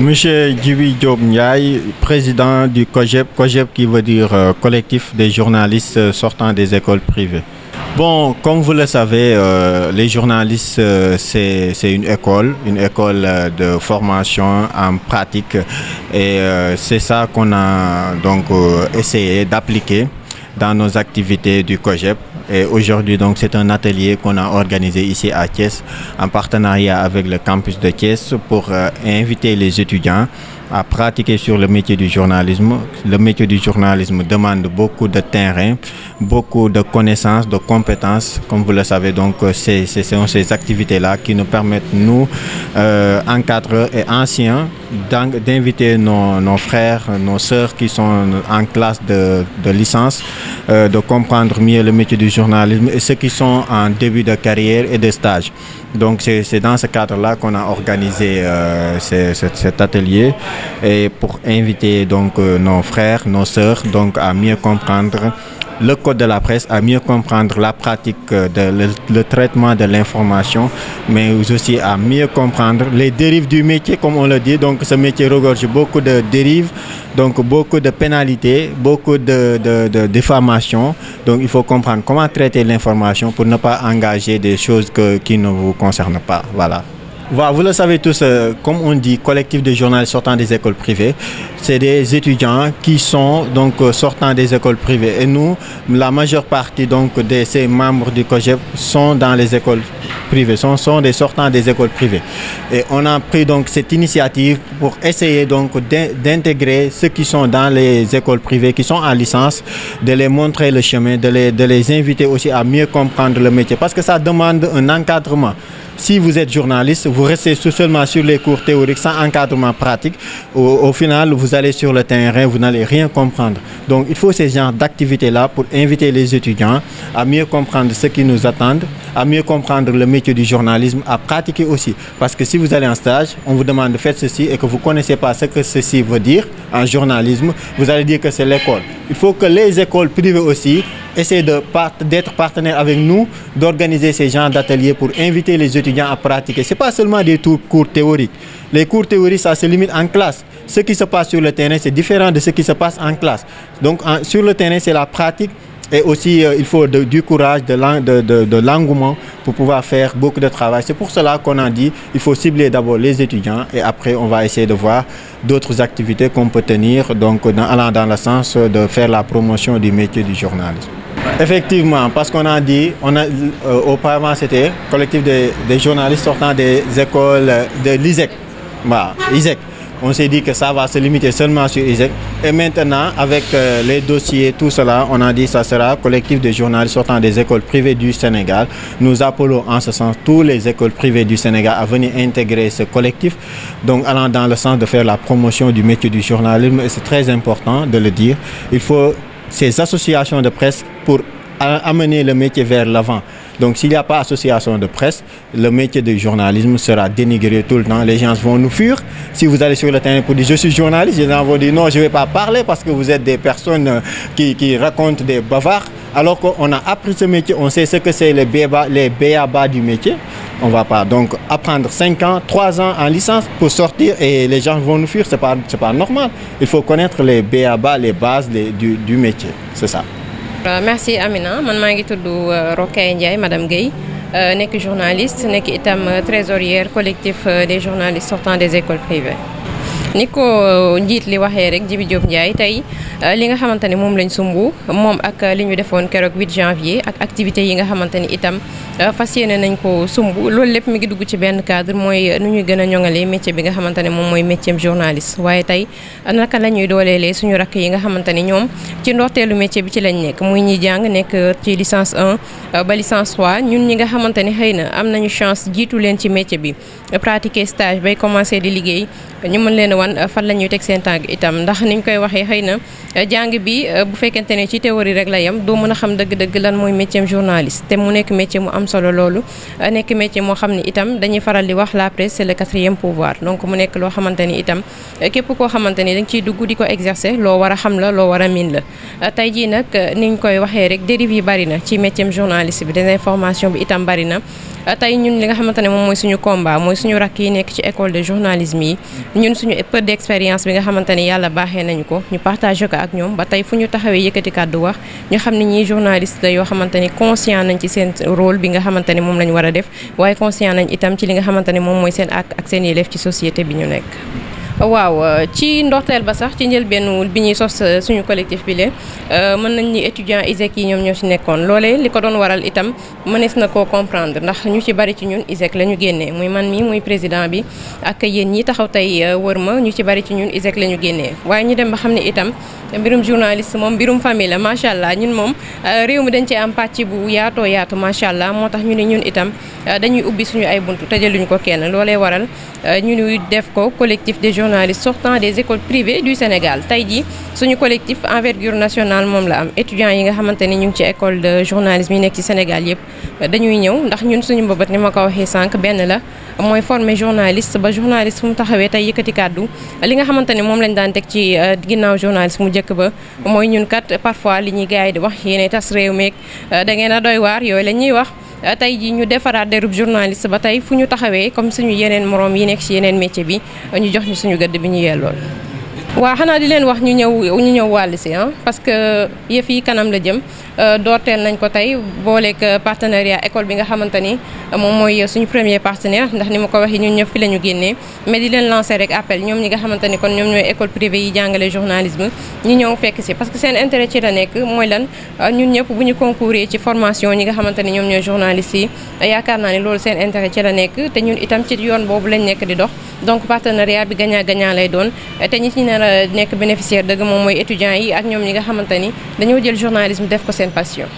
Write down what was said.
Monsieur Djibi Diop Ndiaye, président du COGEP, COGEP qui veut dire euh, collectif des journalistes euh, sortant des écoles privées. Bon, comme vous le savez, euh, les journalistes, euh, c'est une école, une école euh, de formation en pratique et euh, c'est ça qu'on a donc essayé d'appliquer dans nos activités du COGEP. Et aujourd'hui, donc, c'est un atelier qu'on a organisé ici à Thiès en partenariat avec le campus de Thiès pour euh, inviter les étudiants à pratiquer sur le métier du journalisme. Le métier du journalisme demande beaucoup de terrain, beaucoup de connaissances, de compétences. Comme vous le savez, donc, euh, c'est sont ces activités-là qui nous permettent, nous, euh, encadreurs et anciens, d'inviter nos, nos, frères, nos sœurs qui sont en classe de, de licence, euh, de comprendre mieux le métier du journalisme et ceux qui sont en début de carrière et de stage. Donc c'est dans ce cadre-là qu'on a organisé euh, cet, cet atelier et pour inviter donc euh, nos frères, nos sœurs donc à mieux comprendre le code de la presse à mieux comprendre la pratique, de, le, le, traitement de l'information, mais aussi à mieux comprendre les dérives du métier, comme on le dit. Donc ce métier regorge beaucoup de dérives, donc beaucoup de pénalités, beaucoup de, de, de diffamation. Donc il faut comprendre comment traiter l'information pour ne pas engager des choses que, qui ne vous concernent pas. Voilà. Voilà, vous le savez tous, euh, comme on dit, collectif de journalistes sortant des écoles privées, c'est des étudiants qui sont donc euh, sortant des écoles privées. Et nous, la majeure partie donc de ces membres du COGEP sont dans les écoles privées, sont, sont des sortants des écoles privées. Et on a pris donc cette initiative pour essayer donc d'intégrer ceux qui sont dans les écoles privées, qui sont en licence, de les le chemin, de les, de les inviter aussi à mieux comprendre le métier. Parce que ça demande un encadrement. si vous êtes journaliste, vous restez seulement sur les cours théoriques sans encadrement pratique. Au, au final, vous allez sur le terrain, vous n'allez rien comprendre. Donc, il faut ces genres d'activités-là pour inviter les étudiants à mieux comprendre ce qui nous attend, à mieux comprendre le métier du journalisme, à pratiquer aussi. Parce que si vous allez en stage, on vous demande de faire ceci et que vous ne connaissez pas ce que ceci veut dire en journalisme, essayer de d'être partenaire avec nous, d'organiser ces genres d'ateliers pour inviter les étudiants à pratiquer. Ce n'est pas seulement des cours théoriques. Les cours théoriques, ça se limite en classe. Ce qui se passe sur le terrain, c'est différent de ce qui se passe en classe. Donc sur le terrain, c'est la pratique et aussi, euh, il faut de, du courage, de, l'engouement de, de, pour pouvoir faire beaucoup de travail. C'est pour cela qu'on a dit il faut cibler d'abord les étudiants et après, on va essayer de voir donc dans, allant dans le sens de faire la promotion du métier Effectivement, parce qu'on a dit, on a, euh, auparavant c'était collectif des, des, journalistes sortant des écoles de l'ISEC. Bah, On s'est dit que ça va se limiter seulement sur ISEC. Et maintenant, avec euh, les dossiers, tout cela, on a dit que ça sera collectif des journalistes sortant des écoles privées du Sénégal. Nous appelons en ce sens toutes les écoles privées du Sénégal à venir intégrer ce collectif, donc allant dans le sens de faire la promotion du métier du journalisme. C'est très important le dire. Il de presse pour amener le métier vers l'avant. Donc s'il n'y a pas association de presse, le métier de journalisme sera dénigré tout le temps. Les gens vont nous fuir. Si vous allez sur le terrain pour dire je suis journaliste, les gens vont dire non, je ne vais pas parler parce que vous êtes des personnes euh, qui, qui racontent des bavards. Alors qu'on a appris ce métier, on sait ce que c'est les béabas les béaba du métier. On va pas. Donc apprendre 5 ans, 3 ans en licence pour sortir et les gens vont nous fuir, ce n'est pas, pas normal. Il faut connaître les béabas, les bases les, du, du métier. C'est ça. Euh, merci Amina man maa ngi tudd euh, Rokhaya Ndiaye madame Guèye euh, nekk journaliste nekk itam trésorière collectif des journalistes sortant des écoles privées. ni ko njiit li waxee rek Djibi Diop Ndiaye tey euh, li nga xamante ne moom lañ sumb moom ak euh, li ñu defoon keroog 8 janvier ak activité yi nga xamante ni itam euh, fas yéene nañ ko sumb loolu lépp mi ngi dugg ci benn cadre mooy nu ñuy gën a ñoŋalee métier bi nga xamante ne moom mooy métier journaliste waaye tey naka la ñuy dooleelee suñu rakk yi nga xamante ni ñoom ci ndoxteelu métier bi ci lañ nekk muy ñi jàng nekk ci licence 1 ba licence 3 ñun ñi nga xamante ni xëy na am nañu chance jiitu leen ci métier bi pratiquer stage bay commencer di liggéey wan euh, fan la ñuy teg seen tànk itam ndax niñ koy waxee xëy na euh, jàng bi euh, bu fekkente ne ci théorie rek la yem doo mën a xam dëgg-dëgg lan mooy métier journaliste te mu nekk métier mu am solo loolu nekk métier moo xam ne itam dañuy faral di wax la presse le quatrième pouvoir mu nekk loo xamante ni itam képp koo xamante ni dañ ciy dugg di ko exercer loo war a xam la loo war a miin la tey ji nag niñ koy waxee rek dériv yi bari na ci métier journaliste bi désinformation bi itam bari na ñun li nga xamante ne moom mooy suñu combat mooy suñu rakk yi nekk ci école de journalisme yi ñun peu expérience bi nga xamante ne yàlla baaxee nañu ko ñu partagé ko ak ñoom ba tey fu ñu taxawee yëkkati kàddu wax ñu xam ne ñii journaliste yoo xamante ne conscient nañ ci seen rôle bi nga xamante ne moom lañ war a def waaye conscient nañ itam ci li nga xamante ne moom mooy seen ak ak seen yelleef ci société bi ñu nekk waaw ci ndorteel ba sax ci njëlbéenu bi ñuy sos euh, suñu collectif bi lee euh, mën nañ ni étudiant ISEC yi ñoom ñoo ci nekkoon loolee li ko doon waral itam mënees na koo comprendre ndax ñu ci bari ci ñun ISEC la ñu génnee muy man mii muy président bi ak yéen ñi taxaw tey euh, wër ma ñu ci bari ci ñun ISEC la ñu génnee waaye ñu dem ba xam ne itam mbirum journaliste moom mbirum famille la macha allah ñun moom réew mi dañ ci am pàcc bu yaatoo yaatu macha allah moo tax ñu ne ñun itam dañuy ubbi suñu ay buntu tëjaluñ ko kenn loolee waral ñu def journalistes sortant des écoles privées du Sénégal tey jii suñu collectif envergure nationale moom la am étudiants yi nga xamante ni ñu ngi ci école de journalisme yi nekk ci Sénégal yëpp dañuy ñëw ndax ñun suñu mbëbët ni ma ko waxee sànq benn la mooy former journaliste ba journaliste fu mu taxawee tey yëkkati kàddu li nga xamante ni moom lañ daan teg ci euh, ginnaaw journaliste mu njëkk ba mooy ñun kat parfois li ñu gars yi di wax yéenay tas réew meeg euh, da ngeen a doy waar yooyu la Euh, tey ji ñu defaraat derub journaliste ba tey fu ñu taxawee comme suñu yeneen moroom yi nekk ci yeneen métier bi ñu jox ñu suñu gëdd bi ñu yellool waa xanaa di leen wax ñu ñëw ñu ñëw wàll si ah, parce que yëf yi kanam la jëm euh, doorteel nañ ko tey booleeg euh, partenariat école bi nga xamante ni euh, moom mooy suñu premier partenaire ndax ni ma ko waxee ñun ñëpp fi la ñu génnee mais di leen lancer rek appel ñoom ñi nga xamante ni kon ñoom ñooy école privée yi jàngale journalisme ñu ñëw fekk si parce que seen intérêt ci la nekk mooy lan ñun ñëpp bu ñu concourir ci formation ñi nga xamante ni ñoom ñooy journalistes yi yaakaar naa ni loolu seen intérêt ci nekk te ñun itam ci yoon boobu lañ nekk di dox donc partenariat bi gagnant gagnant lay doon a nekk bénéficiaire dëgg moom mooy étudiants yi ak ñoom ñi nga xamante ni dañoo jël journalisme def ko seen passion